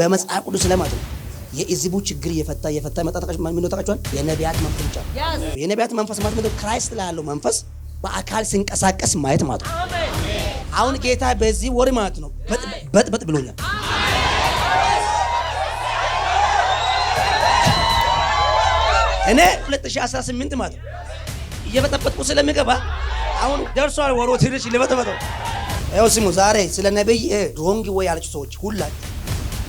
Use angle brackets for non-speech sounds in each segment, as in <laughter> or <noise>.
በመጽሐፍ ቅዱስ ለማት ነው የኢዝቡ ችግር እየፈታ እየፈታ መጣ የነቢያት መንፈስ ብቻ የነቢያት መንፈስ ማለት ምንድን ነው? ክራይስት ላይ ያለው መንፈስ በአካል ሲንቀሳቀስ ማየት ማለት ነው። አሁን ጌታ በዚህ ወር ማለት ነው በጥበጥ ብሎኛል። እኔ 2018 ማለት ነው እየበጠበጥኩ ስለሚገባ አሁን ደርሷል ወሮ ትንሽ ልበጠበጠው። ይኸው ስሙ ዛሬ ስለ ነቢይ ሮንግ ወይ ያለች ሰዎች ሁላችሁ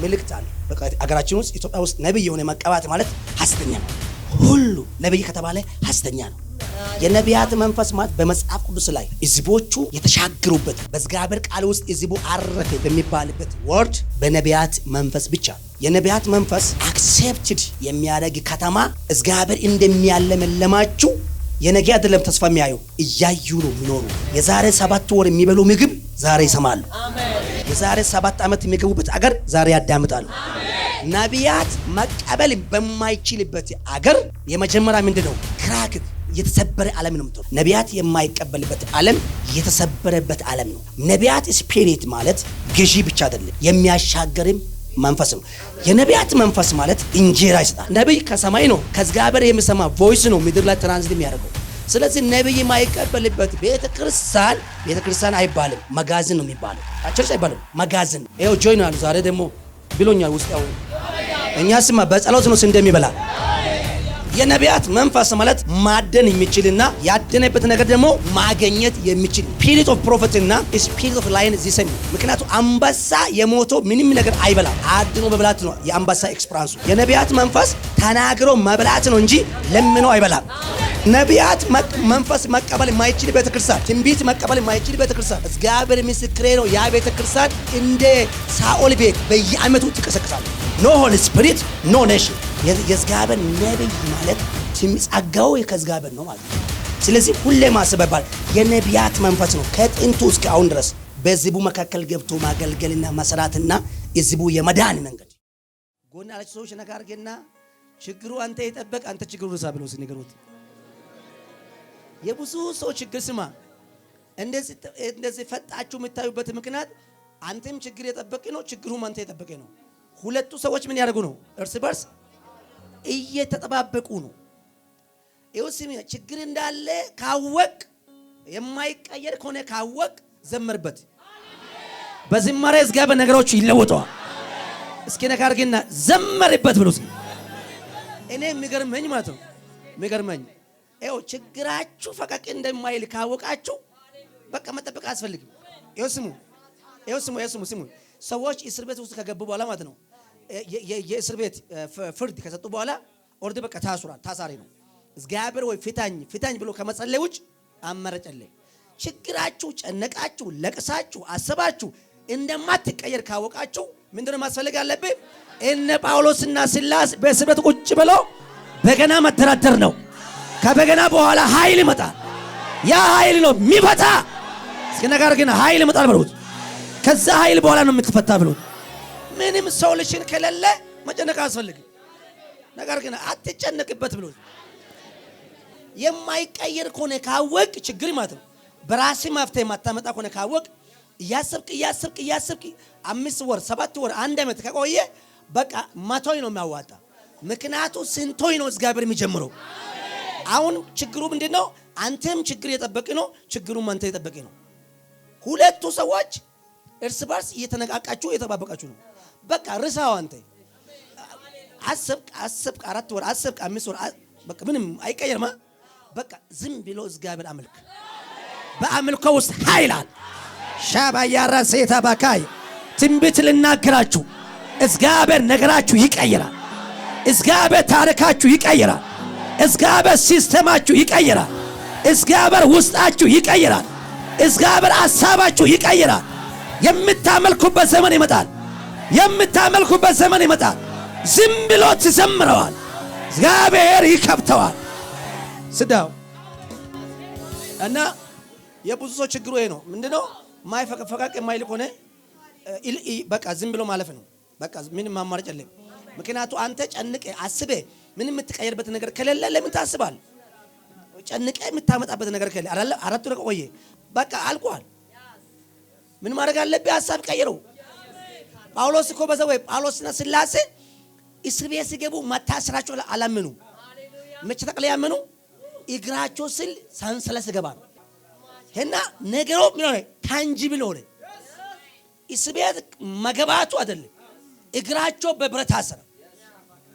ምልክት አለ። በቃ አገራችን ውስጥ ኢትዮጵያ ውስጥ ነብይ የሆነ መቀባት ማለት ሀስተኛ ነው። ሁሉ ነብይ ከተባለ ሀስተኛ ነው። የነቢያት መንፈስ ማለት በመጽሐፍ ቅዱስ ላይ ህዝቦቹ የተሻገሩበት በእግዚአብሔር ቃል ውስጥ ህዝቡ አረፈ በሚባልበት ወርድ በነቢያት መንፈስ ብቻ የነቢያት መንፈስ አክሴፕትድ የሚያደርግ ከተማ እግዚአብሔር እንደሚያለመለማችሁ የነገ አይደለም ተስፋ የሚያዩ እያዩ ነው የሚኖሩ። የዛሬ ሰባት ወር የሚበሉ ምግብ ዛሬ ይሰማሉ። የዛሬ ሰባት ዓመት የሚገቡበት አገር ዛሬ ያዳምጣሉ። ነቢያት መቀበል በማይችልበት አገር የመጀመሪያ ምንድን ነው? ክራክት የተሰበረ ዓለም ነው። ነቢያት የማይቀበልበት ዓለም የተሰበረበት ዓለም ነው። ነቢያት ስፒሪት ማለት ገዢ ብቻ አይደለም፣ የሚያሻገርም መንፈስ ነው። የነቢያት መንፈስ ማለት እንጀራ ይሰጣል። ነቢይ ከሰማይ ነው፣ ከእግዚአብሔር የሚሰማ ቮይስ ነው ምድር ላይ ትራንዚት የሚያደርገው ስለዚህ ነቢይ የማይቀበልበት ቤተ ክርስቲያን ቤተ ክርስቲያን አይባልም፣ መጋዝን ነው የሚባለው። ቸርች አይባልም፣ መጋዝን። ይኸው ጆይን ነው ዛሬ ደግሞ ብሎኛል ውስጥ ያው እኛ ስማ በጸሎት ነው ስንዴ የሚበላ የነቢያት መንፈስ ማለት ማደን የሚችልና ያደነበት ነገር ደግሞ ማገኘት የሚችል ስፒሪት ኦፍ ፕሮፌት እና ስፒሪት ኦፍ ላይን ዚሰሚ። ምክንያቱም አንበሳ የሞተው ምንም ነገር አይበላም፣ አድኖ መብላት ነው የአንበሳ ኤክስፐራንሱ። የነቢያት መንፈስ ተናግሮ መብላት ነው እንጂ ለምነው አይበላም። ነቢያት መንፈስ መቀበል የማይችል ቤተክርስቲያን፣ ትንቢት መቀበል የማይችል ቤተክርስቲያን፣ እግዚአብሔር ምስክሬ ነው። ያ ቤተክርስቲያን እንደ ሳኦል ቤት በየአመቱ ትቀሰቅሳል። ኖ ሆሊ ስፒሪት ኖ ኔሽን የዝጋበን ነቢይ ማለት የሚጸጋው ከዝጋበን ነው ማለት ነው። ስለዚህ ሁሌ ማስበባል የነቢያት መንፈስ ነው ከጥንቱ እስከ አሁን ድረስ በዝቡ መካከል ገብቶ ማገልገልና መስራትና ህዝቡ የመዳን መንገድ ጎና አለች ሰዎች ነካርጌና ችግሩ አንተ የጠበቅ አንተ ችግሩ ሳ ብለው ሲነገሩት የብዙ ሰው ችግር ስማ እንደዚህ ፈጣችሁ የምታዩበት ምክንያት አንተም ችግር የጠበቀ ነው፣ ችግሩም አንተ የጠበቀ ነው። ሁለቱ ሰዎች ምን ያደርጉ ነው እርስ በርስ እየተጠባበቁ ነው። ይኸው ስሚ፣ ችግር እንዳለ ካወቅ፣ የማይቀየር ከሆነ ካወቅ፣ ዘምርበት። በዝማሬ ዝጋበ ነገሮች ይለወጠዋል። እስኪ ዘመርበት ብሎ እኔ የሚገርመኝ ማለት ነው የሚገርመኝ ይኸው ችግራችሁ ፈቀቅ እንደማይል ካወቃችሁ በቃ መጠበቅ አያስፈልግም። ይኸው ስሙ፣ ይኸው ስሙ፣ ይኸው ስሙ። ሰዎች እስር ቤት ውስጥ ከገቡ በኋላ ማለት ነው የእስር ቤት ፍርድ ከሰጡ በኋላ ኦርዲ በቃ ታስሯል፣ ታሳሪ ነው። እግዚአብሔር ወይ ፊታኝ ፊታኝ ብሎ ከመጸለይ ውጭ አመረጨለ ችግራችሁ፣ ጨነቃችሁ፣ ለቅሳችሁ፣ አስባችሁ እንደማትቀየር ካወቃችሁ ምንድነው ማስፈልግ አለብህ? እነ ጳውሎስና ሲላስ በእስር ቤት ቁጭ ብለው በገና መደራደር ነው። ከበገና በኋላ ኃይል ይመጣል። ያ ኃይል ነው የሚፈታ። እስኪ ነገር ግን ኃይል ይመጣል ብሉት። ከዛ ኃይል በኋላ ነው የምትፈታ ብሉት። ምንም ሶሉሽን ከሌለ መጨነቅ አያስፈልግም። ነገር ግን አትጨነቅበት ብሎ የማይቀየር ከሆነ ካወቅ ችግር ማለት ነው። በራሴ ማፍትሄ የማታመጣ ከሆነ ካወቅ እያሰብክ እያሰብክ እያሰብክ አምስት ወር ሰባት ወር አንድ ዓመት ከቆየ በቃ መቶኝ ነው የሚያዋጣ። ምክንያቱ ስንቶኝ ነው እግዚአብሔር የሚጀምረው። አሁን ችግሩ ምንድን ነው? አንተም ችግር የጠበቅ ነው፣ ችግሩም አንተ የጠበቅ ነው። ሁለቱ ሰዎች እርስ በርስ እየተነቃቃችሁ እየተባበቃችሁ ነው። በቃ ርሳው አንተ አሰብክ አሰብክ አራት ወር አሰብክ አምስት ወር በቃ ምንም አይቀየርማ። በቃ ዝም ብሎ እግዚአብሔር አምልክ። በአምልኮ ውስጥ ኃይላል ሻባ ያራ ሴታ ባካይ ትንቢት ልናገራችሁ፣ እግዚአብሔር ነገራችሁ ይቀይራል። እግዚአብሔር ታሪካችሁ ይቀይራል። እግዚአብሔር ሲስተማችሁ ይቀይራል። እግዚአብሔር ውስጣችሁ ይቀይራል። እግዚአብሔር አሳባችሁ ይቀይራል። የምታመልኩበት ዘመን ይመጣል። የምታመልኩበት ዘመን ይመጣል። ዝም ብሎት ይዘምረዋል፣ እግዚአብሔር ይከብተዋል። ስዳው እና የብዙ ሰው ችግሩ ይሄ ነው። ምንድነው ማይፈቀቅ የማይል ሆነ በቃ ዝም ብሎ ማለፍ ነው። በቃ ምንም ማማረጭ የለም። ምክንያቱ አንተ ጨንቀ አስበ ምንም የምትቀየርበት ነገር ከሌለ ለምን ታስባል? ጨንቀ የምታመጣበት ነገር ከሌለ አራቱ ቆየ፣ በቃ አልቋል። ምን ማድረግ አለብህ? ሀሳብ ቀይረው ጳውሎስ እኮ በዛ ወይ ጳውሎስና ስላሴ እስር ቤት ሲገቡ መታሰራቸው አላመኑ። መቼ ተቀለ ያመኑ እግራቸው ስል ሰንሰለት ገባ ነው እና ነገሮ ምን ሆነ? ታንጂብል ሆነ። እስር ቤት መገባቱ አይደለም እግራቸው በብረት ታሰረ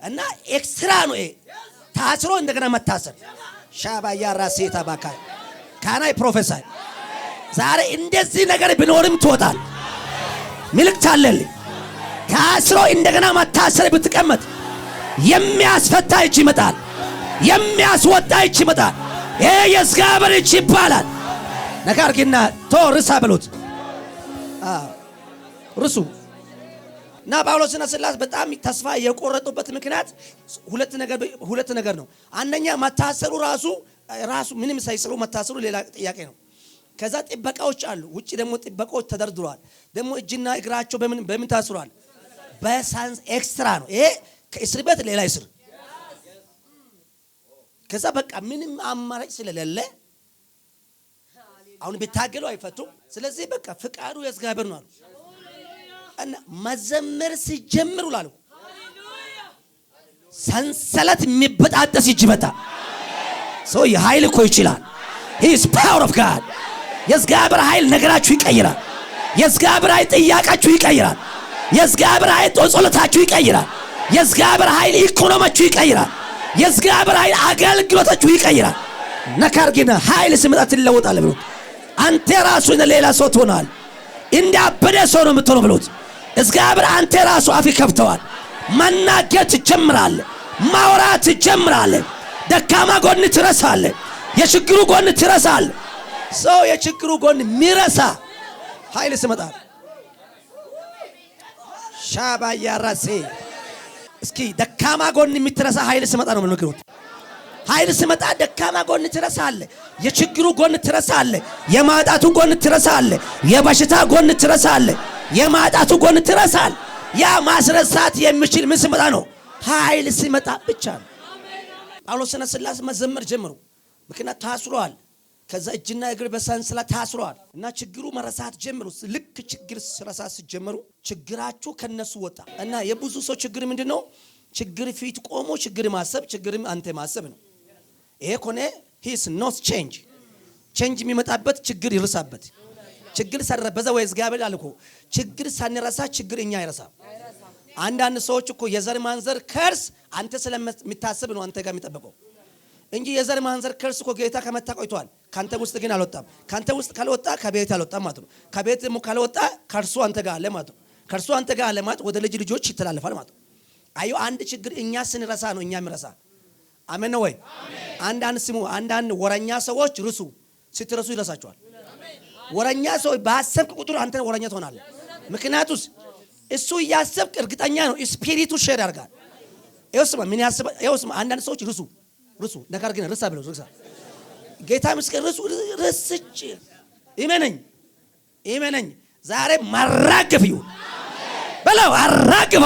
እና ኤክስትራ ነው ይሄ ታስሮ እንደገና መታሰር። ሻባ ያራ ራሴታ ባካ ካናይ ፕሮፌሰር ዛሬ እንደዚህ ነገር ቢኖርም ትወጣል። ምልክት አለልኝ ታስሮ እንደገና መታሰር ብትቀመጥ የሚያስፈታ እጅ ይመጣል። የሚያስወጣ እጅ ይመጣል። ይሄ የእግዚአብሔር እጅ ይባላል። ነገር ግና ቶ ርሳ በሉት ርሱ እና ጳውሎስና ስላስ በጣም ተስፋ የቆረጡበት ምክንያት ሁለት ነገር ነው። አንደኛ መታሰሩ ራሱ ራሱ ምንም ሳይሰሩ መታሰሩ ሌላ ጥያቄ ነው። ከዛ ጥበቃዎች አሉ። ውጭ ደግሞ ጥበቃዎች ተደርድረዋል። ደግሞ እጅና እግራቸው በምን በምን ታስሯል? በሳንስ ኤክስትራ ነው ይሄ። ከእስር ቤት ሌላ እስር። ከዛ በቃ ምንም አማራጭ ስለሌለ አሁን ቢታገሉ አይፈቱም። ስለዚህ በቃ ፍቃዱ የእግዚአብሔር ነው አሉ እና መዘመር ሲጀምሩ ላሉ ሰንሰለት የሚበጣጠስ እጅ ይመታ። ሰው የኃይል እኮ ይችላል። ሂስ ፓወር ኦፍ ጋድ የእግዚአብሔር ኃይል ነገራችሁ ይቀይራል። የእግዚአብሔር ኃይል ጥያቃችሁ ይቀይራል። የእግዚአብሔር ኃይል ጸሎታችሁ ይቀይራል። የእግዚአብሔር ኃይል ኢኮኖሚያችሁ ይቀይራል። የእግዚአብሔር ኃይል አገልግሎታችሁ ይቀይራል። ነካርጊና ኃይል ሲመጣ ትለወጣለህ ብሎት አንተ ራሱ ሌላ ሰው ትሆናል። እንደ ሰው ነው የምትሆነው ብሎት እግዚአብሔር አንተ ራሱ አፍ ከፍተዋል። መናገር ትጀምራለህ። ማውራት ትጀምራለህ። ደካማ ጎን ትረሳለህ። የችግሩ ጎን ትረሳለህ። ሰው የችግሩ ጎን ሚረሳ ኃይል ስመጣል ሻባያራሴ እስኪ ደካማ ጎን የምትረሳ ኃይል ስመጣ ነው የምንነግሩት። ኃይል ስመጣ ደካማ ጎን ትረሳለ፣ የችግሩ ጎን ትረሳለ፣ የማጣቱ ጎን ትረሳለ፣ የበሽታ ጎን ትረሳለ፣ የማጣቱ ጎን ትረሳል። ያ ማስረሳት የሚችል ምን ስመጣ ነው? ኃይል ስመጣ ብቻ ነው። ጳውሎስና ሲላስ መዘመር ጀምሩ፣ ምክንያት ታስሯል። ከዛ እጅና እግር በሰንሰለት ታስሯል እና ችግሩ መረሳት ጀምሩ። ልክ ችግር ስረሳት ስጀምሩ ችግራችሁ ከነሱ ወጣ። እና የብዙ ሰው ችግር ምንድን ነው? ችግር ፊት ቆሞ ችግር ማሰብ፣ ችግርም አንተ ማሰብ ነው። ይሄ ኮነ ሂስ ኖት ቼንጅ ቼንጅ የሚመጣበት ችግር ይርሳበት ችግር ሰረ በዛ ወይ እግዚአብሔር አልኩ ችግር ሳንረሳ ችግር እኛ ይረሳ። አንዳንድ ሰዎች እኮ የዘር ማንዘር ከርስ አንተ ስለምታስብ ነው አንተ ጋር የሚጠበቀው እንጂ የዘር ማንዘር ከርስ እኮ ጌታ ከመታ ቆይቷል። ካንተ ውስጥ ግን አልወጣም። ካንተ ውስጥ ካልወጣ ከቤት አልወጣም ማለት ነው። ከቤት ደግሞ ካልወጣ ከእርሱ አንተ ጋር አለ ማለት ነው። ከእርሱ አንተ ጋር አለ ማለት ወደ ልጅ ልጆች ይተላለፋል ማለት ነው። አዩ አንድ ችግር እኛ ስንረሳ ነው እኛ የሚረሳ አሜን ነው ወይ? አንዳንድ ስሙ አንዳንድ ወረኛ ሰዎች ርሱ ስትረሱ ይረሳቸዋል። ወረኛ ሰው በአሰብክ ቁጥር አንተ ወረኛ ትሆናለህ። ምክንያቱስ እሱ እያሰብክ እርግጠኛ ነው። ስፒሪቱ ሼር ያርጋል። ይኸው ስማ ምን ያስባ። ይኸው ስማ አንዳንድ ሰዎች ርሱ ርሱ ነገር ግን ርሳ ብለው ጌታ ምስክር ርሱ ርስጭ ይመነኝ ይመነኝ ዛሬ ማራገፍ ይሁን በለው። አራገፍ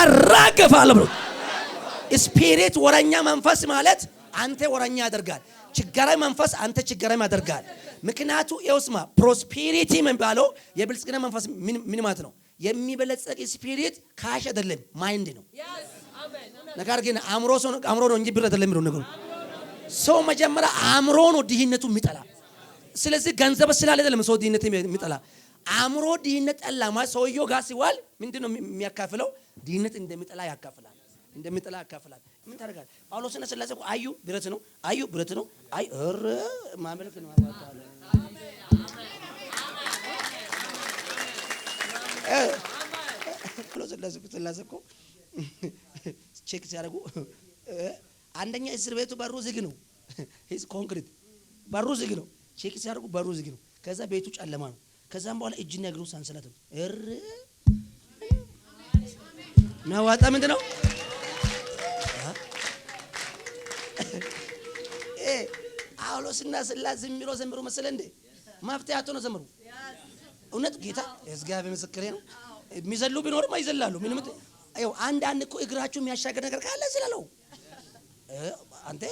አራግፋለሁ ብሎ ስፒሪት ወረኛ መንፈስ ማለት አንተ ወረኛ ያደርጋል። ችጋራዊ መንፈስ አንተ ችጋራዊ ያደርጋል። ምክንያቱ የውስማ ፕሮስፔሪቲ የሚባለው የብልጽግና መንፈስ ምን ማለት ነው? የሚበለጸግ ስፒሪት ካሽ አይደለም ማይንድ ነው። ነገር ግን አምሮ ነው እንጂ ብር አይደለም የሚለው ነገር ነገሩ ሰው መጀመሪያ አእምሮ ነው ድህነቱ የሚጠላ። ስለዚህ ገንዘብ ስላለ አይደለም ሰው ድህነት የሚጠላ አእምሮ ድህነት ጠላ ማለት ሰውየው ጋር ሲዋል ምንድን ነው የሚያካፍለው? ድህነት እንደሚጠላ ያካፍላል፣ እንደሚጠላ ያካፍላል። ምን ታደርጋል? ጳውሎስና ስላሴ አዩ ብረት ነው፣ አዩ ብረት ነው። አይ እረ ማመልክ ነው። ጳውሎስ ስላሴ እኮ ቼክ ሲያደርጉ አንደኛ እስር ቤቱ በሩ ዝግ ነው። ሂስ <laughs> ኮንክሪት በሩ ዝግ ነው። ቼክ ሲያደርጉ በሩ ዝግ ነው። ከዛ ቤቱ ጨለማ ነው። ከዛም በኋላ እጅና እግሩ ሰንሰለት ነው። እር ነዋጣ ምንድን ነው? ጳውሎስና <laughs> ስላስ ዝም ብሎ ዘምሩ መሰለ እንዴ? መፍትሄ አቶ ነው ዘምሩ። እውነት ጌታ እግዚአብሔር ምስክሬ ነው። የሚዘሉ ቢኖርም አይዘላሉ። ምንም አንድ አንድ እኮ እግራችሁ የሚያሻገር ነገር ካለ ስላለው አንተ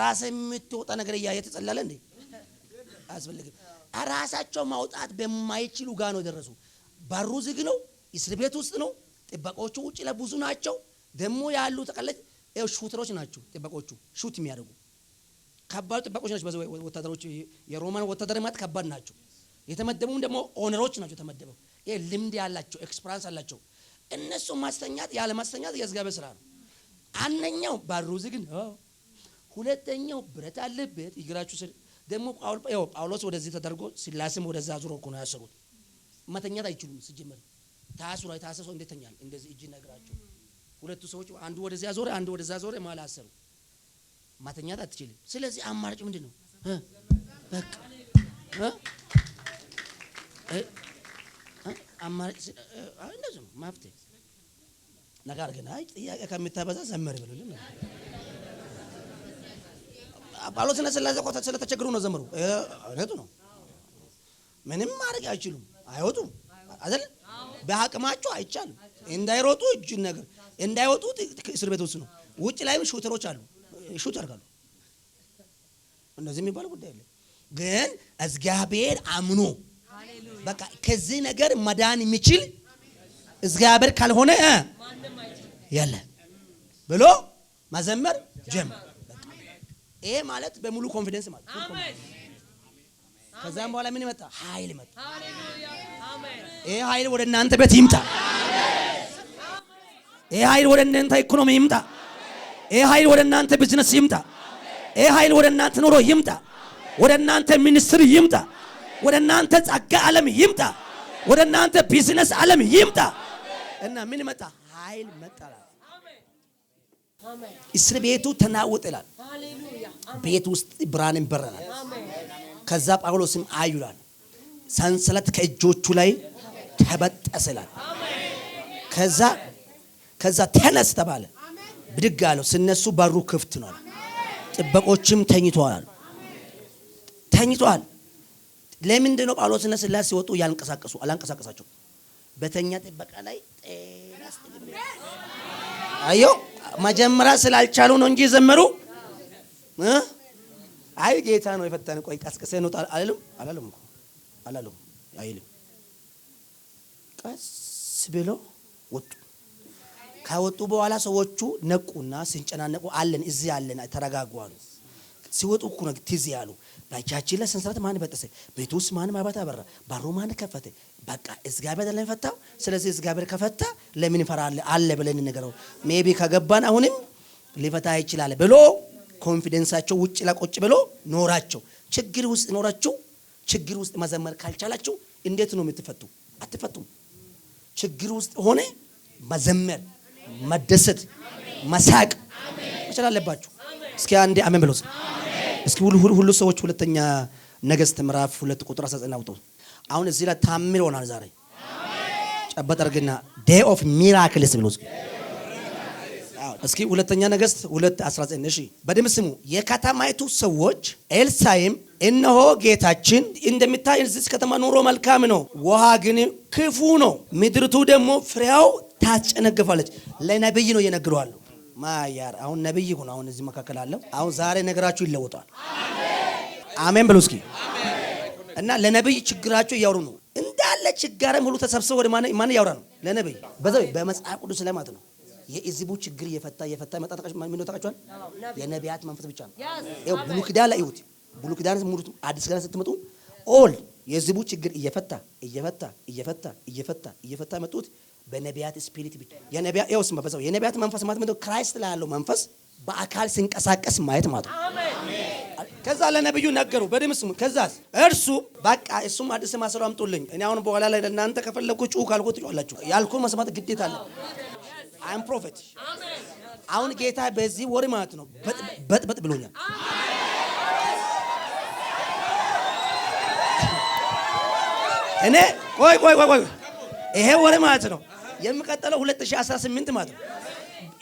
ራስህ የምትወጣ ነገር እያየ ትጸላለህ እንዴ? አያስፈልግም። ራሳቸው ማውጣት በማይችሉ ጋር ነው የደረሱ። በሩ ዝግ ነው። እስር ቤት ውስጥ ነው። ጥበቆቹ ውጭ ለብዙ ናቸው። ደግሞ ያሉ ተቀለጭ ሹተሮች ናቸው። ጥበቆቹ ሹት የሚያደርጉ ከባድ ጥበቆች ናቸው። በዚ ወታደሮች የሮማን ወታደር ማለት ከባድ ናቸው። የተመደቡም ደግሞ ኦነሮች ናቸው። የተመደበው ልምድ ያላቸው ኤክስፐራንስ አላቸው። እነሱ ማስተኛት ያለ ማስተኛት የእግዚአብሔር ስራ ነው። አንደኛው ባሮዝ ግን ሁለተኛው ብረት አለበት እግራችሁ ስር ደግሞ ጳውሎስ ወደዚህ ተደርጎ ሲላስም ወደዛ ዙሮ እኮ ነው ያሰሩት። መተኛት አይችሉም። ሲጀመር ታስሮ ታስሶ እንደተኛል። እንደዚህ እጅ ነግራችሁ ሁለቱ ሰዎች አንዱ ወደዚያ ዞረ፣ አንዱ ወደዛ ዞረ፣ ማል አሰሩ። መተኛት አትችልም። ስለዚህ አማራጭ ምንድን ነው? በቃ አማራጭ እንደዚህ ነው ማፍትሄ ነገር ግን አይ ጥያቄ ከምታበዛ ዘመር ይበሉልን። ጳውሎስ እና ስላሴ እኮ ስለተቸገሩ ነው ዘመሩ። እውነቱ ነው። ምንም ማድረግ አይችሉም። አይወጡም አይደል? በአቅማቸው አይቻልም። እንዳይሮጡ እጅን ነገር እንዳይወጡ እስር ቤት ውስጥ ነው። ውጭ ላይም ሹተሮች አሉ፣ ሹት ያደርጋሉ። እንደዚህ የሚባል ጉዳይ አለ ግን እግዚአብሔር አምኖ በቃ ከዚህ ነገር መዳን የሚችል እግዚአብሔር ካልሆነ ያለ ብሎ መዘመር ጀመር። ይሄ ማለት በሙሉ ኮንፊደንስ ማለት ከዛም በኋላ ምን መጣ? ኃይል መጣ። ይሄ ኃይል ወደ እናንተ ቤት ይምጣ። ይሄ ኃይል ወደ እናንተ ኢኮኖሚ ይምጣ። ይሄ ኃይል ወደ እናንተ ቢዝነስ ይምጣ። ይሄ ኃይል ወደ እናንተ ኑሮ ይምጣ። ወደ እናንተ ሚኒስትር ይምጣ። ወደ እናንተ ጸጋ ዓለም ይምጣ። ወደ እናንተ ቢዝነስ ዓለም ይምጣ። እና ምን መጣ? ኃይል መጣላት እስር ቤቱ ተናወጥ ይላል። ቤት ውስጥ ብርሃን ይበረናል። ከዛ ጳውሎስም አዩላል ሰንሰለት ከእጆቹ ላይ ተበጠሰ ይላል። ከዛ ከዛ ተነስ ተባለ። ብድግ አለው። ስነሱ በሩ ክፍት ነው። ጥበቆችም ተኝተዋል ተኝተዋል። ለምንድን ነው ጳውሎስና ሲላስ ሲወጡ ያንቀሳቀሱ አላንቀሳቀሳቸው በተኛ ጥበቃ ላይ ጤና ይስጥልኝ። አየሁ መጀመሪያ ስላልቻሉ ነው እንጂ ዘመሩ። አይ ጌታ ነው የፈተነ። ቆይ ቀስቅሴ ነው አላለም አላለም እኮ አይልም። ቀስ ብሎ ወጡ። ከወጡ በኋላ ሰዎቹ ነቁና ሲንጨናነቁ አለን እዚህ አለን ተረጋጓ ነው ሲወጡ እኮ ነው ትዝ ያሉ። በእጃችን ላይ ሰንሰለት ማን በጠሰ? ቤት ውስጥ ማን ማባት አበራ? ባሮ ማን ከፈተ? በቃ እግዚአብሔር አይደለም ፈታው። ስለዚህ እግዚአብሔር ከፈታ ለምን ፈራለ አለ ብለን ነገረው። ሜቢ ከገባን አሁንም ሊፈታ ይችላል ብሎ ኮንፊደንሳቸው ውጭ ላቆጭ ብሎ ኖራቸው ችግር ውስጥ ኖራችሁ ችግር ውስጥ መዘመር ካልቻላችሁ እንዴት ነው የምትፈቱ? አትፈቱም። ችግር ውስጥ ሆነ መዘመር፣ መደሰት፣ መሳቅ መቻል አለባችሁ። እስኪ አንዴ አሜን ብሎስ እስኪ ሁሉ ሰዎች ሁለተኛ ነገሥት ምዕራፍ ሁለት ቁጥር 19 አውጡ። አሁን እዚህ ላይ ታምር ሆናል። ዛሬ ጨበጥ አድርግና ዴይ ኦፍ ሚራክልስ ብሎ እስኪ ሁለተኛ ነገሥት ሁለት 19 እሺ፣ በደምብ ስሙ። የከተማይቱ ሰዎች ኤልሳይም እነሆ ጌታችን እንደሚታይ እዚህ ከተማ ኑሮ መልካም ነው፣ ውሃ ግን ክፉ ነው፣ ምድርቱ ደግሞ ፍሬያው ታጨነግፋለች። ለነብይ ነው እየነግረዋለሁ ማያር አሁን ነብይ ሁን። አሁን እዚህ መካከል አለው። አሁን ዛሬ ነገራችሁ ይለወጣል። አሜን ብሎ እስኪ እና ለነብይ ችግራቸው እያወሩ ነው እንዳለ ችጋረም ሁሉ ተሰብስበው ወደ ማን እያወራ ነው? ለነብይ በዛ በመጽሐፍ ቅዱስ ላይ ማለት ነው። የህዝቡ ችግር እየፈታ እየፈታ ይመጣቃችኋል። የነቢያት መንፈስ ብቻ ነው። ብሉይ ኪዳን ላይ ይሁት ብሉይ ኪዳን ሙሉት አዲስ ገና ስትመጡ ኦል የህዝቡ ችግር እየፈታ እየፈታ እየፈታ እየፈታ እየፈታ መጡት በነቢያት ስፒሪት ብቻ የነቢያት ያውስ የነቢያት መንፈስ ማለት ምንድነው? ክራይስት ላይ ያለው መንፈስ በአካል ሲንቀሳቀስ ማየት ማለት ነው። ከዛ ለነብዩ ነገሩ በድምስ ከዛ እርሱ በቃ እሱም አዲስ ማሰሮ አምጡልኝ። እኔ አሁን በኋላ ላይ ለእናንተ ከፈለግኩ ጩሁ ካልኩ ትጮላችሁ። ያልኩን መስማት ግዴታ አለ። አይም ፕሮፌት አሁን ጌታ በዚህ ወር ማለት ነው በጥበጥ ብሎኛል። እኔ ቆይ ቆይ ቆይ ይሄ ወር ማለት ነው የሚቀጥለው 2018 ማለት ነው።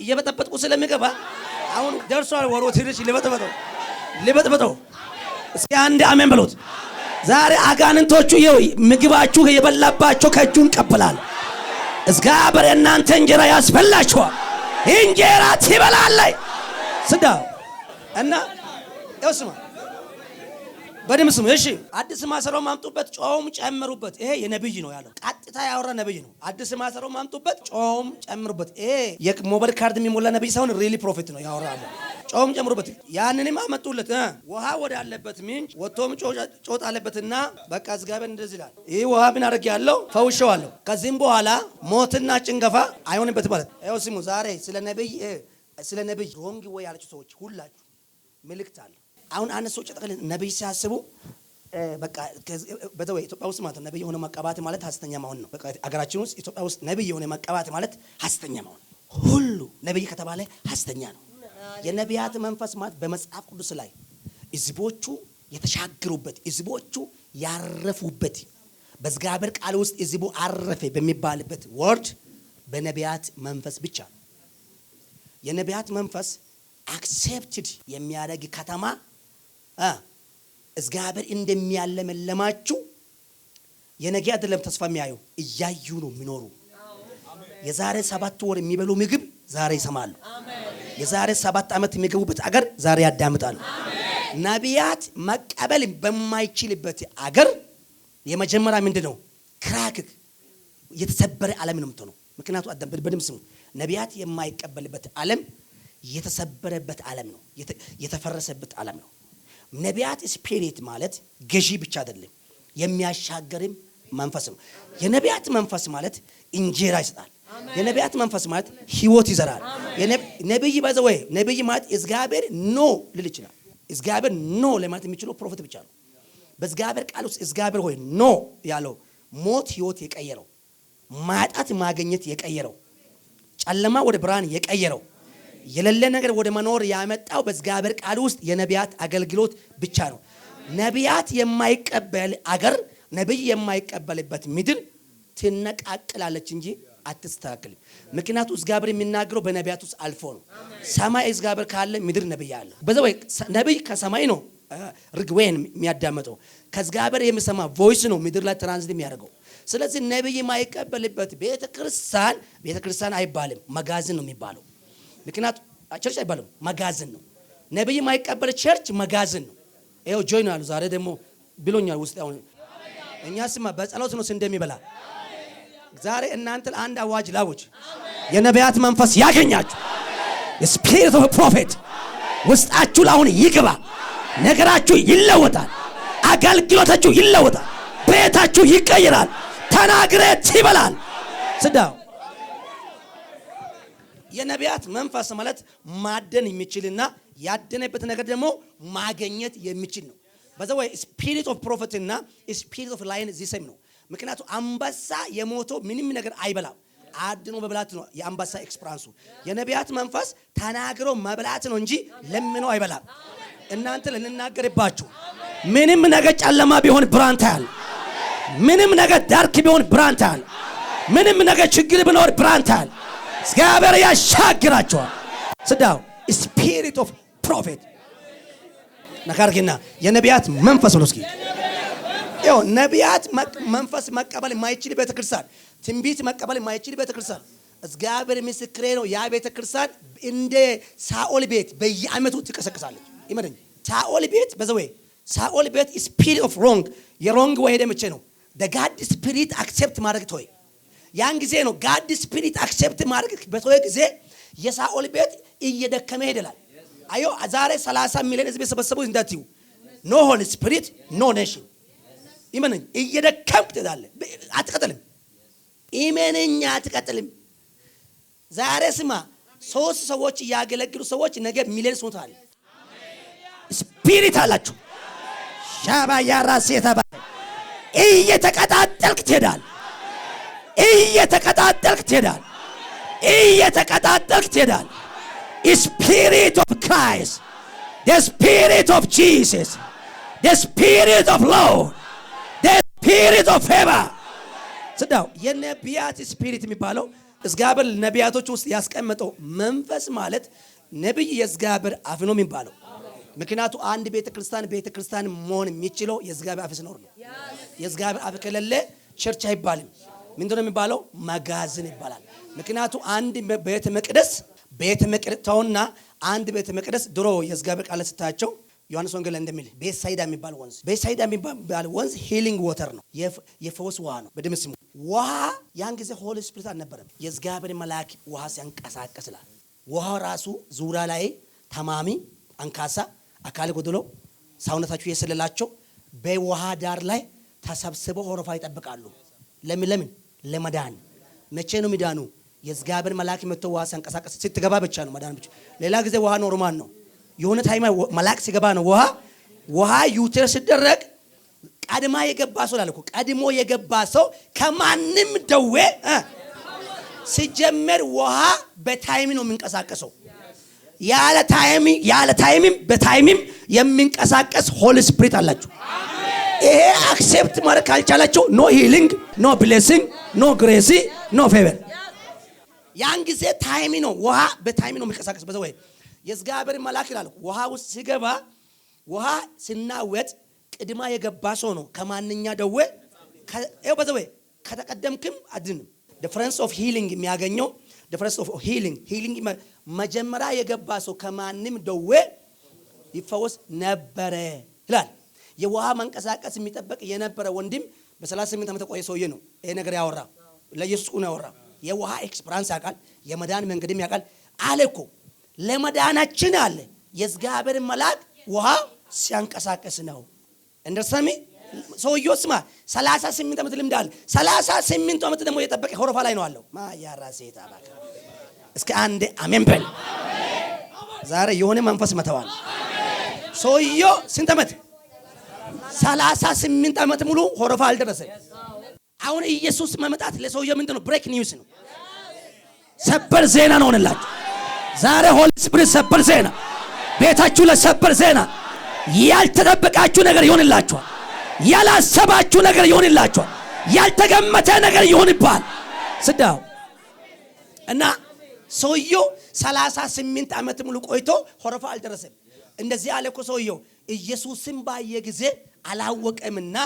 እየበጠበጥኩ ስለሚገባ አሁን ደርሷል። ወሮ ትንሽ ልበጥበጠው ልበጥበጠው። እስኪ አንድ አሜን በሉት። ዛሬ አጋንንቶቹ ምግባችሁ የበላባቸው ከእጁ እንቀብላል። እግዚአብሔር የእናንተ እንጀራ ያስበላችኋል። እንጀራ ትበላለይ ስዳ እና ስማ ስሙ። እሺ አዲስ ማሰሮ ማምጡበት፣ ጨውም ጨምሩበት። ይሄ የነብይ ነው ያለው። ቀጥታ ያወራ ነብይ ነው። አዲስ ማሰሮ ማምጡበት፣ ጮም ጨምሩበት። ይሄ የሞባይል ካርድ የሚሞላ ነብይ ሳይሆን ሪሊ ፕሮፌት ነው ያወራለ። ጮም ጨምሩበት። ያንንም አመጡለት። ውሃ ወዳለበት ምንጭ ወጥቶም ጮጥ አለበትና በቃ እግዚአብሔር እንደዚህ ይላል፣ ይህ ውሃ ምን አድርግ ያለው ፈውሸዋለሁ። ከዚህም በኋላ ሞትና ጭንገፋ አይሆንበት ማለት ይኸው። ስሙ ዛሬ ስለ ነብይ ስለ ነብይ ሮንግ ወይ ያለችው ሰዎች ሁላችሁ ምልክት አለ። አሁን አነሶ ጠቅል ነብይ ሲያስቡ በቃ በተወይ ኢትዮጵያ ውስጥ ማለት ነብይ የሆነ መቀባት ማለት ሀስተኛ መሆን ነው። በቃ አገራችን ውስጥ ኢትዮጵያ ውስጥ ነብይ የሆነ መቀባት ማለት ሀስተኛ መሆን፣ ሁሉ ነብይ ከተባለ ሀስተኛ ነው። የነቢያት መንፈስ ማለት በመጽሐፍ ቅዱስ ላይ ህዝቦቹ የተሻገሩበት ህዝቦቹ ያረፉበት በእግዚአብሔር ቃል ውስጥ ህዝቡ አረፈ በሚባልበት ወርድ በነቢያት መንፈስ ብቻ ነው። የነቢያት መንፈስ አክሴፕትድ የሚያደርግ ከተማ እግዚአብሔር እንደሚያለመልማችሁ የነገ አይደለም ተስፋ የሚያዩ እያዩ ነው የሚኖሩ። የዛሬ ሰባት ወር የሚበሉ ምግብ ዛሬ ይሰማሉ። የዛሬ ሰባት ዓመት የሚገቡበት አገር ዛሬ ያዳምጣሉ። ነቢያት መቀበል በማይችልበት አገር የመጀመሪያ ምንድን ነው? የተሰበረ ዓለም ነው የምትሆነው። ምክንያቱ በደምብ ስሙ። ነቢያት የማይቀበልበት ዓለም የተሰበረበት ዓለም ነው፣ የተፈረሰበት ዓለም ነው። ነቢያት ስፒሪት ማለት ገዢ ብቻ አይደለም፣ የሚያሻገርም መንፈስ ነው። የነቢያት መንፈስ ማለት እንጀራ ይሰጣል። የነቢያት መንፈስ ማለት ህይወት ይዘራል። ነቢይ ባዘ ወይ ነቢይ ማለት እግዚአብሔር ኖ ልል ይችላል። እግዚአብሔር ኖ ለማለት የሚችለው ፕሮፌት ብቻ ነው። በእግዚአብሔር ቃል ውስጥ እግዚአብሔር ሆይ ኖ ያለው ሞት ህይወት የቀየረው ማጣት ማገኘት የቀየረው ጨለማ ወደ ብርሃን የቀየረው የሌለ ነገር ወደ መኖር ያመጣው በእግዚአብሔር ቃል ውስጥ የነቢያት አገልግሎት ብቻ ነው። ነቢያት የማይቀበል አገር፣ ነቢይ የማይቀበልበት ምድር ትነቃቅላለች እንጂ አትስተካከልም። ምክንያቱ እግዚአብሔር የሚናገረው በነቢያት ውስጥ አልፎ ነው። ሰማይ እግዚአብሔር ካለ ምድር ነቢይ አለ። በዛ ወይ ነቢይ ከሰማይ ነው ርግዌን የሚያዳምጠው ከእግዚአብሔር የሚሰማ ቮይስ ነው ምድር ላይ ትራንዚት የሚያደርገው። ስለዚህ ነቢይ የማይቀበልበት ቤተክርስቲያን ቤተክርስቲያን አይባልም፣ መጋዘን ነው የሚባለው። ምክንያቱ ቸርች አይባልም መጋዘን ነው። ነቢይ የማይቀበል ቸርች መጋዘን ነው። ይኸው ጆይ ነው ያሉ ዛሬ ደግሞ ብሎኛል ውስጥ ሁ እኛ ስማ በጸሎት ነው እንደሚበላ ዛሬ እናንተ አንድ አዋጅ ላውጅ። የነቢያት መንፈስ ያገኛችሁ የስፒሪት ኦፍ ፕሮፌት ውስጣችሁ ለአሁን ይግባ። ነገራችሁ ይለወጣል። አገልግሎታችሁ ይለወጣል። ቤታችሁ ይቀይራል። ተናግረት ይበላል ስዳው የነቢያት መንፈስ ማለት ማደን የሚችልና ያደነበት ነገር ደግሞ ማገኘት የሚችል ነው። በዛ ወይ ስፒሪት ኦፍ ፕሮፌት እና ስፒሪት ኦፍ ላይን ዚሰም ነው። ምክንያቱም አንበሳ የሞተው ምንም ነገር አይበላም፣ አድኖ በብላት ነው የአንበሳ ኤክስፕራንሱ። የነቢያት መንፈስ ተናግሮ መብላት ነው እንጂ ለምነው አይበላም። እናንተ ልንናገርባችሁ ምንም ነገር ጨለማ ቢሆን ብርሃን ታያል። ምንም ነገር ዳርክ ቢሆን ብርሃን ታያል። ምንም ነገር ችግር ቢኖር ብርሃን ታያል። እግዚአብሔር ያሻግራቸዋል። ስዳው ስፒሪት ኦፍ ፕሮፌት ነካርጊና የነቢያት መንፈስ ብሎ እስኪ ይኸው ነቢያት መንፈስ መቀበል የማይችል ቤተክርስቲያን፣ ትንቢት መቀበል የማይችል ቤተክርስቲያን እግዚአብሔር ምስክሬ ነው። ያ ቤተክርስቲያን እንደ ሳኦል ቤት በየአመቱ ትቀሰቅሳለች። ይመደኝ ሳኦል ቤት በዘዌ ሳኦል ቤት ስፒሪት ኦፍ ሮንግ የሮንግ ወይ መቼ ነው ደጋድ ስፒሪት አክሴፕት ማድረግ ተወይ ያን ጊዜ ነው ጋድ ስፒሪት አክሴፕት ማድረግ በተወ ጊዜ የሳኦል ቤት እየደከመ ሄደላል። አዮ ዛሬ 30 ሚሊዮን ህዝብ የሰበሰቡ እንዳትዩ ኖ ሆሊ ስፒሪት ኖ ኔሽን ይመነኝ እየደከምክ ትሄዳለህ። አትቀጥልም። ይመነኛ አትቀጥልም። ዛሬ ስማ ሶስት ሰዎች እያገለግሉ ሰዎች ነገ ሚሊዮን ሶታል ስፒሪት አላችሁ ሻባ ያራስ የተባለ እየተቀጣጠልክ ትሄዳለህ። እየተቀጣጠልክ ትሄዳል። እየተቀጣጠልክ ትሄዳል። ስፒሪት ኦፍ ክራይስት ስፒሪት ኦፍ ጂሰስ ስፒሪት ኦፍ ሎው ስፒሪት ኦፍ ፌቨር ስዳው የነቢያት ስፒሪት የሚባለው እግዚአብሔር ነቢያቶች ውስጥ ያስቀመጠው መንፈስ ማለት ነቢይ የእግዚአብሔር አፍ ነው የሚባለው። ምክንያቱ አንድ ቤተ ክርስቲያን ቤተ ክርስቲያን መሆን የሚችለው የእግዚአብሔር አፍ ሲኖር ነው። የእግዚአብሔር አፍ ከሌለ ቸርች አይባልም። ምንድነው የሚባለው? መጋዘን ይባላል። ምክንያቱ አንድ ቤተ መቅደስ ቤተ መቅደስ ተውና አንድ ቤተ መቅደስ ድሮ የእግዚአብሔር ቃል ስታቸው ዮሐንስ ወንጌል እንደሚል ቤሳይዳ የሚባል ወንዝ ቤሳይዳ የሚባል ወንዝ ሂሊንግ ወተር ነው፣ የፈውስ ውሃ ነው። በደም ስሙ ውሃ ያን ጊዜ ሆሊ ስፒሪት አልነበረም። የእግዚአብሔር መልአክ ውሃ ሲያንቀሳቀስ ይላል። ውሃው ራሱ ዙሪያ ላይ ተማሚ አንካሳ፣ አካል ጎድሎ ሰውነታቸው እየሰለላቸው በውሃ ዳር ላይ ተሰብስበው ሆረፋ ይጠብቃሉ። ለምን ለምን ለመዳን መቼ ነው ሚዳኑ? የእግዚአብሔር መልአክ መጥቶ ውሃ ሲያንቀሳቀስ ስትገባ ብቻ ነው መዳን ብቻ። ሌላ ጊዜ ውሃ ኖርማል ነው። የሆነ ታይማ መልአክ ሲገባ ነው ውሃ ውሃ ዩቴር ሲደረግ ቀድማ የገባ ሰው ላልኩ ቀድሞ የገባ ሰው ከማንም ደዌ ሲጀመር ውሃ በታይም ነው የሚንቀሳቀሰው። ያለ ታይም ያለ ታይምም በታይምም የሚንቀሳቀስ ሆሊ ስፕሪት አላችሁ። ይሄ አክሴፕት ማድረግ ካልቻላችሁ ኖ ሂሊንግ ኖ ብሌሲንግ ኖ ግሬሲ ኖ ፌቨር። ያን ጊዜ ታይሚ ነው፣ ውሃ በታይሚ ነው የሚንቀሳቀስ። በዛ ወይ የእግዚአብሔር መልአክ ይላል ውሃ ውስጥ ሲገባ ውሃ ሲናወጥ ቅድማ የገባ ሰው ነው ከማንኛ ደዌ በዛ ወይ ከተቀደምክም አድንም ዲፍረንስ ኦፍ ሂሊንግ የሚያገኘው ዲፍረንስ ኦፍ ሂሊንግ ሂሊንግ መጀመሪያ የገባ ሰው ከማንም ደዌ ይፈወስ ነበረ ይላል። የውሃ መንቀሳቀስ የሚጠበቅ የነበረ ወንድም በሰላሳ ስምንት ዓመት ቆየ ሰውዬ ነው ይሄ ነገር ያወራ። ለኢየሱስ ቁን ያወራ የውሃ ኤክስፐራንስ ያውቃል። የመዳን መንገድም ያውቃል አለ እኮ ለመዳናችን አለ የእግዚአብሔር መልአክ ውሃ ሲያንቀሳቀስ ነው። እንደሰሚ ሰውዬው ስማ፣ ሰላሳ ስምንት ዓመት ልምድ አለ። ሰላሳ ስምንቱ ዓመት ደግሞ የጠበቀ ሆረፋ ላይ ነው አለው። ማያራ ሴታ ባ እስከ አንድ አሜን በል። ዛሬ የሆነ መንፈስ መተዋል። ሰውዬው ስንት ዓመት ሰላሳ ስምንት ዓመት ሙሉ ሆረፋ አልደረሰም። አሁን ኢየሱስ መመጣት ለሰውየ ምንድን ነው? ብሬክ ኒውስ ነው። ሰበር ዜና ነው ሆነላችሁ። ዛሬ ሆሊ ስፕሪት ሰበር ዜና ቤታችሁ ለሰበር ዜና ያልተጠበቃችሁ ነገር ይሆንላችኋል። ያላሰባችሁ ነገር ይሆንላችኋል። ያልተገመተ ነገር ይሆንባል። ስዳው እና ሰውየው ሰላሳ ስምንት ዓመት ሙሉ ቆይቶ ሆረፋ አልደረሰም። እንደዚህ አለ እኮ ሰውየው ኢየሱስን ባየ ጊዜ አላወቀምና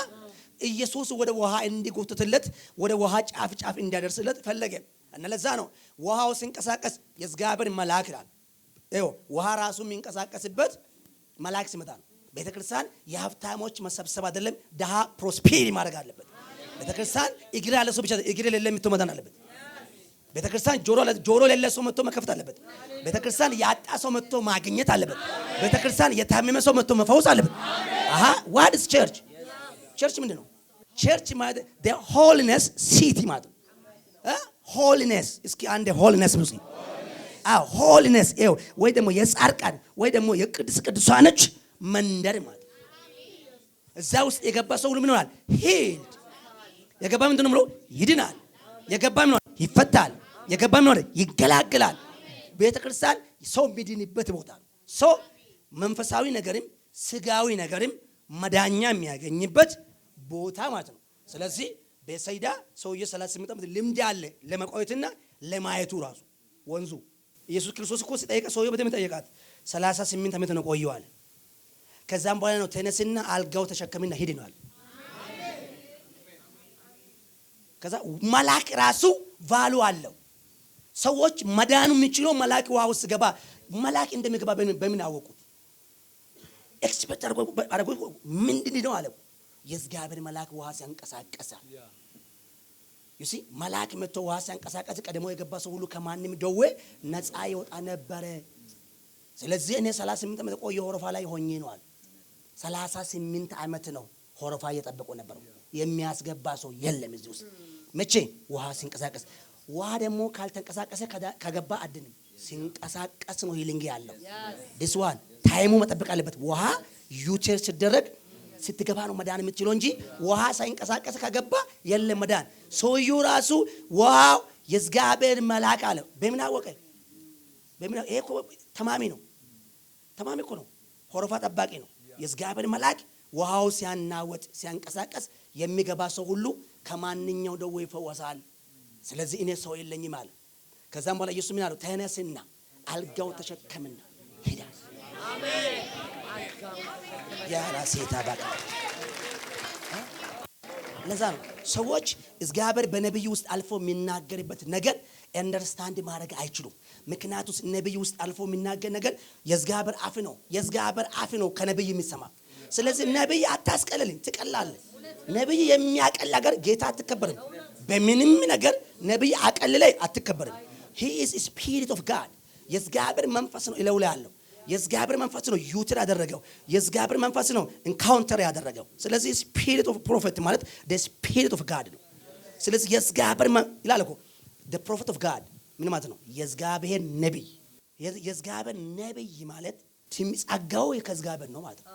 ኢየሱስ ወደ ውሃ እንዲጎትትለት ወደ ውሃ ጫፍ ጫፍ እንዲያደርስለት ፈለገ እና ለዛ ነው ውሃው ሲንቀሳቀስ የእግዚአብሔር መልአክ ይላል። ይኸው ውሃ ራሱ የሚንቀሳቀስበት መልአክ ሲመጣ ነው። ቤተክርስቲያን የሀብታሞች መሰብሰብ አይደለም። ድሃ ፕሮስፔሪ ማድረግ አለበት። ቤተክርስቲያን እግር ያለ ሰው ብቻ እግር የሌለ የሚተው አለበት። ቤተክርስቲያን ጆሮ ጆሮ የሌለ ሰው መጥቶ መከፈት አለበት። ቤተክርስቲያን ያጣ ሰው መጥቶ ማግኘት አለበት። ቤተክርስቲያን የታመመ ሰው መጥቶ መፈወስ አለበት። አሃ ዋድስ ቸርች? ቸርች ምንድን ነው? ቸርች ማለት ዘ ሆልነስ ሲቲ ማለት ነው። ሆልነስ እስኪ አንዴ ሆሊነስ ብዙ ሆሊነስ ወይ ደግሞ የጻድቃን ወይ ደግሞ የቅድስ ቅዱሳኖች መንደር ማለት እዛ ውስጥ የገባ ሰው ሁሉ ምን ይሆናል? ሂድ የገባ ምንድን ነው ብሎ ይድናል። የገባ ምን ይፈታል። የገባም ሆነ ይገላግላል። ቤተ ክርስቲያን ሰው የሚድንበት ቦታ ነው። ሰው መንፈሳዊ ነገርም ስጋዊ ነገርም መዳኛ የሚያገኝበት ቦታ ማለት ነው። ስለዚህ በሰይዳ ሰውዬ 38 ዓመት ልምድ አለ ለመቆየትና ለማየቱ ራሱ ወንዙ ኢየሱስ ክርስቶስ እኮ ሲጠይቀ ሰውዬ በደም ጠየቃት። 38 ዓመት ነው ቆየዋል። ከዛም በኋላ ነው ተነስና አልጋው ተሸከምና ሂድ ነዋል ከዛ መላክ ራሱ ቫሉ አለው። ሰዎች መዳኑ የሚችለው መላክ ውሃ ውስጥ ገባ። መላክ እንደሚገባ በምን አወቁት? ኤክስፐርት አረጎ ምንድን ነው አለው የእግዚአብሔር መላክ ውሃ ሲያንቀሳቀሰ ዩሲ መላክ መጥቶ ውሃ ሲያንቀሳቀስ ቀድሞ የገባ ሰው ሁሉ ከማንም ደዌ ነፃ ይወጣ ነበረ። ስለዚህ እኔ 38 ዓመት ቆየ ሆረፋ ላይ ሆኜ ነዋል። 38 ዓመት ነው ሆረፋ እየጠበቁ ነበሩ። የሚያስገባ ሰው የለም እዚህ ውስጥ መቼ ውሃ ሲንቀሳቀስ ውሃ ደግሞ ካልተንቀሳቀሰ ከገባ አድንም ሲንቀሳቀስ ነው ሂሊንግ ያለው። ዲስዋን ታይሙ መጠበቅ አለበት። ውሃ ዩቸር ሲደረግ ስትገባ ነው መዳን የምትችለው እንጂ ውሃ ሳይንቀሳቀስ ከገባ የለም መዳን። ሰውዬው ራሱ ውሃው የእግዚአብሔር መልአክ አለ። በምን አወቀ? ተማሚ ነው። ተማሚ እኮ ነው። ሆረፋ ጠባቂ ነው። የእግዚአብሔር መልአክ ውሃው ሲያናወጥ ሲያንቀሳቀስ የሚገባ ሰው ሁሉ ከማንኛው ደዌ ይፈወሳል። ስለዚህ እኔ ሰው የለኝም አለ። ከዛም በኋላ ኢየሱስ ምን አለው? ተነስና አልጋው ተሸከምና ሂዳ ያራሴታ በቃ ለዛ ነው ሰዎች እግዚአብሔር በነቢይ ውስጥ አልፎ የሚናገርበት ነገር አንደርስታንድ ማድረግ አይችሉም። ምክንያቱ ነቢይ ውስጥ አልፎ የሚናገር ነገር የእግዚአብሔር አፍ ነው። የእግዚአብሔር አፍ ነው ከነቢይ የሚሰማ ስለዚህ ነብይ አታስቀልልኝ፣ ትቀላለህ። ነብይ የሚያቀል ነገር ጌታ አትከበርም። በምንም ነገር ነብይ አቀልላይ አትከበርም። ሂ ኢዝ ስፒሪት ኦፍ ጋድ የዝጋብር መንፈስ ነው እለው ያለው የዝጋብር መንፈስ ነው ዩትር ያደረገው። የዝጋብር መንፈስ ነው ኢንካውንተር ያደረገው። ስለዚህ ስፒሪት ኦፍ ፕሮፌት ማለት ስፒሪት ኦፍ ጋድ ነው። ስለዚህ የዝጋብር ይላል እኮ ፕሮፌት ኦፍ ጋድ ምን ማለት ነው? የእግዚአብሔር ነቢይ። የዝጋብር ነቢይ ማለት ጸጋው ከእግዚአብሔር ነው ማለት ነው።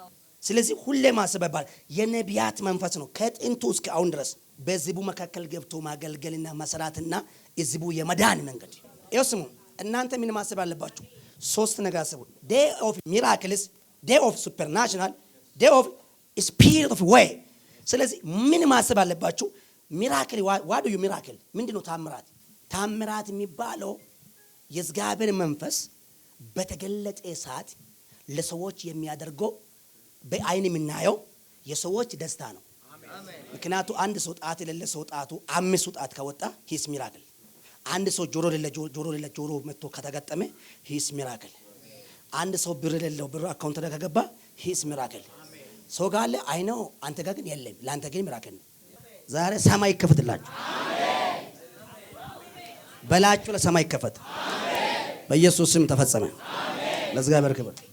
ስለዚህ ሁሌ ማሰበባል የነቢያት መንፈስ ነው ከጥንቱ እስከ አሁን ድረስ በዝቡ መካከል ገብቶ ማገልገልና መሰራትና ዝቡ የመዳን መንገድ ይው ስሙ። እናንተ ምን ማሰብ አለባችሁ? ሶስት ነገር አስቡ። ዴ ኦፍ ሚራክልስ፣ ዴ ኦፍ ሱፐርናሽናል፣ ዴ ኦፍ ስፒሪት ኦፍ ወይ ስለዚህ ምን ማሰብ አለባችሁ? ሚራክል ዩ ሚራክል ምንድ ነው? ታምራት። ታምራት የሚባለው የዝጋብር መንፈስ በተገለጠ ሰዓት ለሰዎች የሚያደርገው በአይን የምናየው የሰዎች ደስታ ነው። ምክንያቱ አንድ ሰው ጣት የሌለ ሰው ጣቱ አምስቱ ጣት ከወጣ ሂስ ሚራክል። አንድ ሰው ጆሮ ሌለ ጆሮ ሌለ ጆሮ መጥቶ ከተገጠመ ሂስ ሚራክል። አንድ ሰው ብር ሌለው ብር አካውንት ላይ ከገባ ሂስ ሚራክል። ሰው ጋለ አይነው፣ አንተ ጋር ግን የለም። ለአንተ ግን ሚራክል ነው። ዛሬ ሰማይ ይከፈትላችሁ በላችሁ፣ ለሰማይ ይከፈት በኢየሱስ ስም ተፈጸመ። ለእግዚአብሔር ክብር